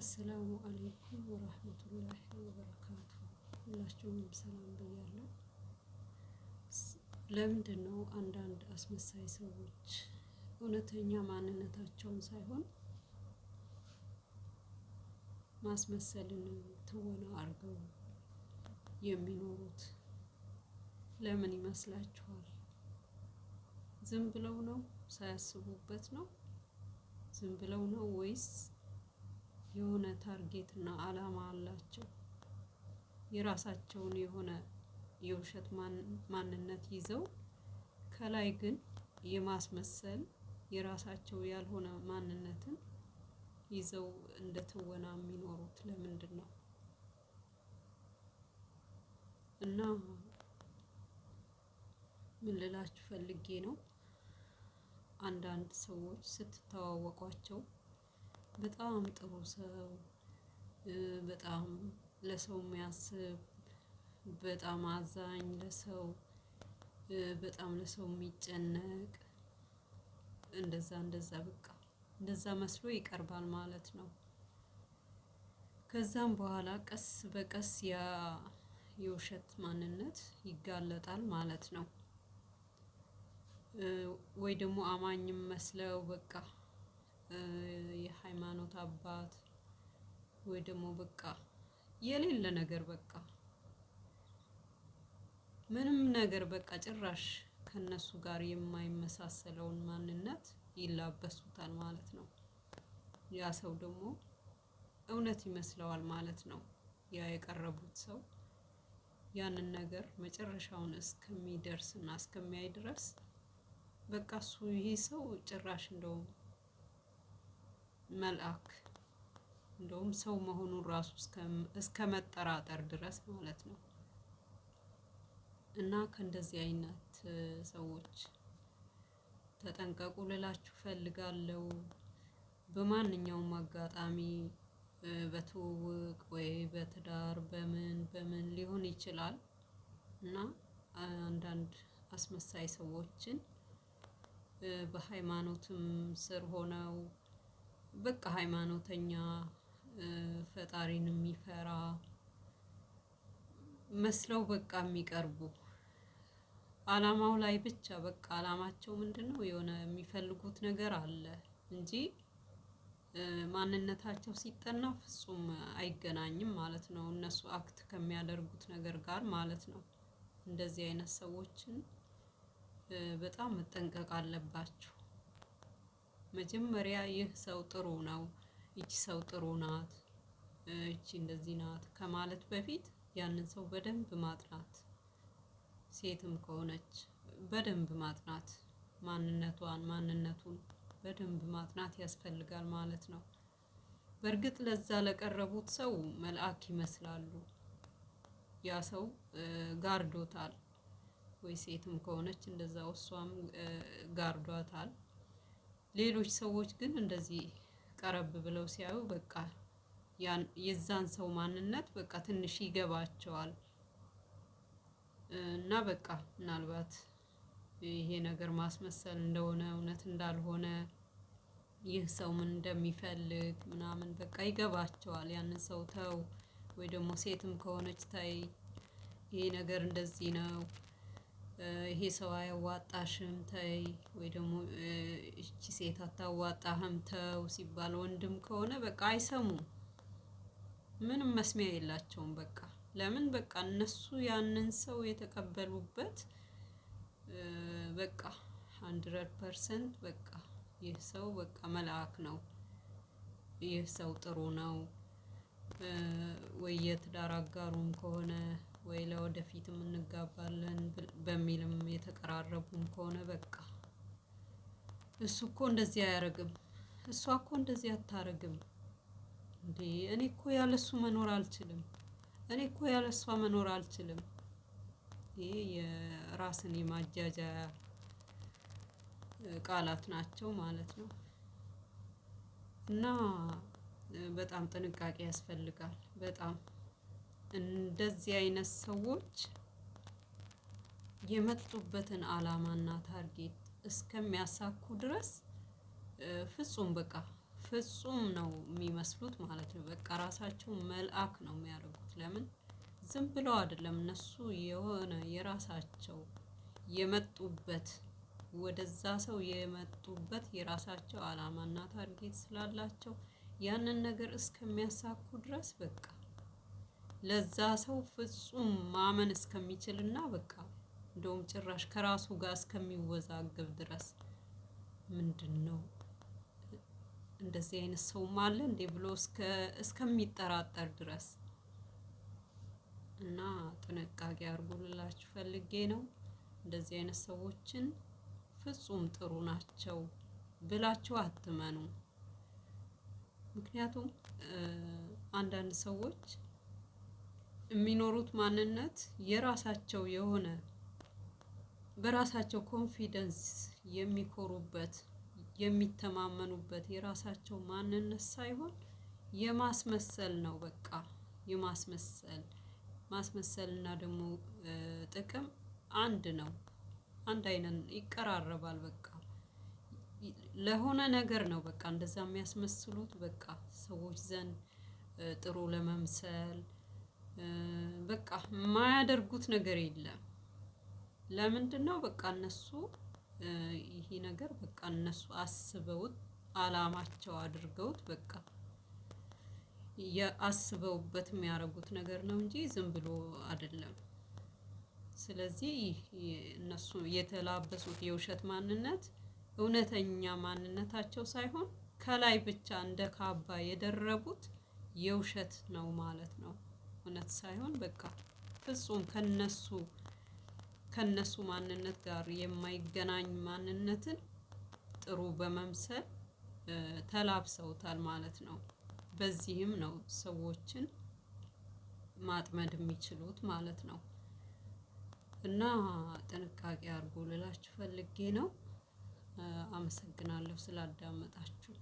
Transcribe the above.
አሰላሙ አሌይኩም ወራህመቱላሂ ወበረካቱ። ሁላችሁም ሰላም ብያለሁ። ለምንድን ነው አንዳንድ አስመሳይ ሰዎች እውነተኛ ማንነታቸውን ሳይሆን ማስመሰልን ትወና አድርገው የሚኖሩት? ለምን ይመስላችኋል? ዝም ብለው ነው? ሳያስቡበት ነው? ዝም ብለው ነው ወይስ የሆነ ታርጌት እና አላማ አላቸው። የራሳቸውን የሆነ የውሸት ማንነት ይዘው ከላይ ግን የማስመሰል የራሳቸው ያልሆነ ማንነትን ይዘው እንደ ትወና የሚኖሩት ለምንድን ነው? እና ምን ልላችሁ ፈልጌ ነው አንዳንድ ሰዎች ስትተዋወቋቸው በጣም ጥሩ ሰው በጣም ለሰው የሚያስብ በጣም አዛኝ ለሰው በጣም ለሰው የሚጨነቅ እንደዛ እንደዛ በቃ እንደዛ መስሎ ይቀርባል ማለት ነው። ከዛም በኋላ ቀስ በቀስ ያ የውሸት ማንነት ይጋለጣል ማለት ነው። ወይ ደግሞ አማኝም መስለው በቃ የሃይማኖት አባት ወይ ደግሞ በቃ የሌለ ነገር በቃ ምንም ነገር በቃ ጭራሽ ከነሱ ጋር የማይመሳሰለውን ማንነት ይላበሱታል ማለት ነው። ያ ሰው ደግሞ እውነት ይመስለዋል ማለት ነው። ያ የቀረቡት ሰው ያንን ነገር መጨረሻውን እስከሚደርስና እስከሚያይ ድረስ በቃ እሱ ይሄ ሰው ጭራሽ እንደውም መልአክ እንደውም ሰው መሆኑን ራሱ እስከ መጠራጠር ድረስ ማለት ነው። እና ከእንደዚህ አይነት ሰዎች ተጠንቀቁ ልላችሁ ፈልጋለሁ። በማንኛውም አጋጣሚ በትውውቅ ወይ በትዳር በምን በምን ሊሆን ይችላል እና አንዳንድ አስመሳይ ሰዎችን በሃይማኖትም ስር ሆነው በቃ ሃይማኖተኛ ፈጣሪን የሚፈራ መስለው በቃ የሚቀርቡ አላማው ላይ ብቻ በቃ አላማቸው ምንድነው የሆነ የሚፈልጉት ነገር አለ እንጂ ማንነታቸው ሲጠና ፍጹም አይገናኝም ማለት ነው። እነሱ አክት ከሚያደርጉት ነገር ጋር ማለት ነው። እንደዚህ አይነት ሰዎችን በጣም መጠንቀቅ አለባችሁ መጀመሪያ ይህ ሰው ጥሩ ነው ይቺ ሰው ጥሩ ናት እቺ እንደዚህ ናት ከማለት በፊት ያንን ሰው በደንብ ማጥናት ሴትም ከሆነች በደንብ ማጥናት ማንነቷን ማንነቱን በደንብ ማጥናት ያስፈልጋል ማለት ነው። በእርግጥ ለዛ ለቀረቡት ሰው መልአክ ይመስላሉ። ያ ሰው ጋርዶታል ወይ ሴትም ከሆነች እንደዛው እሷም ጋርዷታል ሌሎች ሰዎች ግን እንደዚህ ቀረብ ብለው ሲያዩ በቃ የዛን ሰው ማንነት በቃ ትንሽ ይገባቸዋል። እና በቃ ምናልባት ይሄ ነገር ማስመሰል እንደሆነ እውነት እንዳልሆነ ይህ ሰው ምን እንደሚፈልግ ምናምን በቃ ይገባቸዋል ያንን ሰው ተው ወይ ደግሞ ሴትም ከሆነች ታይ ይሄ ነገር እንደዚህ ነው ይሄ ሰው አያዋጣሽም ተይ ወይ ደግሞ እቺ ሴት አታዋጣህም ተው ሲባል ወንድም ከሆነ በቃ አይሰሙም። ምንም መስሚያ የላቸውም። በቃ ለምን በቃ እነሱ ያንን ሰው የተቀበሉበት በቃ ሀንድረድ ፐርሰንት በቃ ይህ ሰው በቃ መልአክ ነው። ይህ ሰው ጥሩ ነው። ወይ የትዳር አጋሩም ከሆነ ወይ ለወደፊትም እንጋባለን በሚልም የተቀራረቡም ከሆነ በቃ እሱ እኮ እንደዚህ አያደርግም እሷ እኮ እንደዚህ አታደርግም እንዴ እኔ እኮ ያለሱ መኖር አልችልም እኔ እኮ ያለሷ መኖር አልችልም ይሄ የራስን የማጃጃ ቃላት ናቸው ማለት ነው። እና በጣም ጥንቃቄ ያስፈልጋል በጣም እንደዚህ አይነት ሰዎች የመጡበትን አላማና ታርጌት እስከሚያሳኩ ድረስ ፍጹም በቃ ፍጹም ነው የሚመስሉት ማለት ነው። በቃ ራሳቸው መልአክ ነው የሚያደርጉት። ለምን ዝም ብለው አይደለም እነሱ የሆነ የራሳቸው የመጡበት ወደዛ ሰው የመጡበት የራሳቸው አላማና ታርጌት ስላላቸው ያንን ነገር እስከሚያሳኩ ድረስ በቃ ለዛ ሰው ፍጹም ማመን እስከሚችል እና በቃ እንደውም ጭራሽ ከራሱ ጋር እስከሚወዛገብ ድረስ ምንድን ነው እንደዚህ አይነት ሰውም አለ እንዴ ብሎ እስከሚጠራጠር ድረስ እና ጥንቃቄ አድርጉ ልላችሁ ፈልጌ ነው። እንደዚህ አይነት ሰዎችን ፍጹም ጥሩ ናቸው ብላችሁ አትመኑ። ምክንያቱም አንዳንድ ሰዎች የሚኖሩት ማንነት የራሳቸው የሆነ በራሳቸው ኮንፊደንስ የሚኮሩበት የሚተማመኑበት የራሳቸው ማንነት ሳይሆን የማስመሰል ነው። በቃ የማስመሰል ማስመሰል እና ደግሞ ጥቅም አንድ ነው። አንድ አይነት ይቀራረባል። በቃ ለሆነ ነገር ነው በቃ እንደዛ የሚያስመስሉት በቃ ሰዎች ዘንድ ጥሩ ለመምሰል በቃ የማያደርጉት ነገር የለም። ለምንድን ነው በቃ እነሱ ይሄ ነገር በቃ እነሱ አስበውት አላማቸው አድርገውት በቃ የአስበውበት የሚያደርጉት ነገር ነው እንጂ ዝም ብሎ አይደለም። ስለዚህ እነሱ የተላበሱት የውሸት ማንነት እውነተኛ ማንነታቸው ሳይሆን ከላይ ብቻ እንደ ካባ የደረቡት የውሸት ነው ማለት ነው። ማለት ሳይሆን በቃ ፍጹም ከነሱ ከነሱ ማንነት ጋር የማይገናኝ ማንነትን ጥሩ በመምሰል ተላብሰውታል ማለት ነው። በዚህም ነው ሰዎችን ማጥመድ የሚችሉት ማለት ነው። እና ጥንቃቄ አድርጎ ልላችሁ ፈልጌ ነው። አመሰግናለሁ ስላዳመጣችሁ